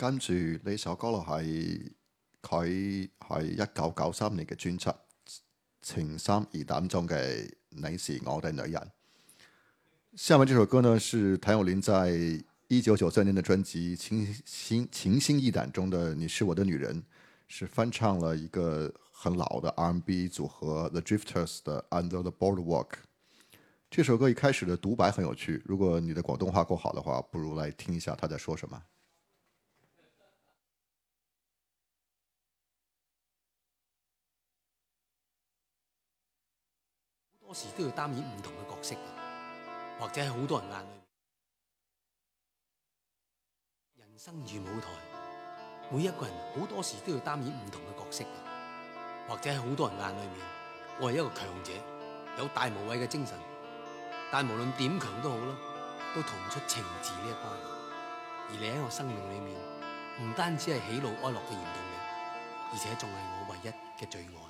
跟住呢首歌咯，係佢係一九九三年嘅專輯《情心義膽》中嘅《你是我的女人》。下面呢首歌呢，是譚詠麟在一九九三年嘅專輯《情心情心義膽》中的《你是我的女人》，是翻唱了一個很老嘅 R&B 組合 The Drifters 的《Under the Boardwalk》。這首歌一開始嘅獨白很有趣，如果你嘅廣東話夠好的話，不如來聽一下他在說什麼。多時都要擔演唔同嘅角色嘅，或者喺好多人眼裏，人生如舞台，每一個人好多時都要擔演唔同嘅角色嘅，或者喺好多人眼裏面，我係一個強者，有大無畏嘅精神，但無論點強都好啦，都逃唔出情字呢一關。而你喺我生命裏面，唔單止係喜怒哀樂嘅原動力，而且仲係我唯一嘅最愛。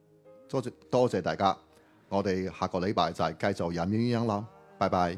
多謝多謝大家，我哋下個禮拜就係繼續飲飲飲啦，拜拜。